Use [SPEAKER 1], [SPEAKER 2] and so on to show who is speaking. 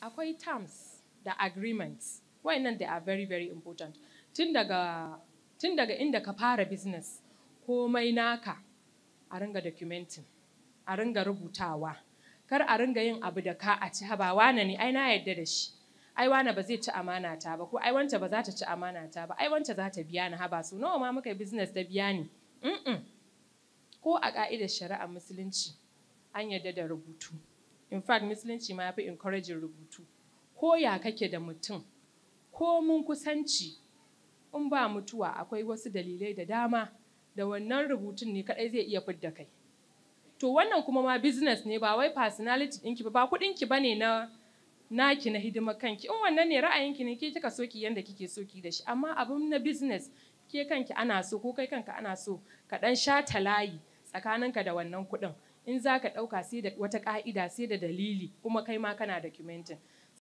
[SPEAKER 1] akwai terms da agreements nan they are very very important tun daga tun daga inda ka fara business komai naka a ringa documenting a ringa rubutawa kar a ringa yin abu da ka a ci ba wane ne ai na yadda da shi ai wane ba zai ci amana ta ba ko ai wance ba za ta ci amana ta ba ai wance za ta biya ni haba su nawa ma muka yi business da biya ni ko a ka'idar shari'ar musulunci an yadda da rubutu in fact musulunci ma ya fi encouraging rubutu ko ya kake da mutum ko mun kusanci in ba mutuwa akwai wasu dalilai da dama da wannan rubutun ne kadai zai iya fidda kai to wannan kuma ma business ne ba wai personality ɗinki ba ba kuɗinki ba ne na naki na hidima kanki in wannan ne ra'ayinki ne ke kika soki yanda kike soki da shi amma abin na business ke kanki ana so ko kai kanka ana so ka dan shata layi tsakanin ka da wannan kuɗin in za ka ɗauka sai da wata ƙa'ida sai da dalili kuma kai ma kana documenting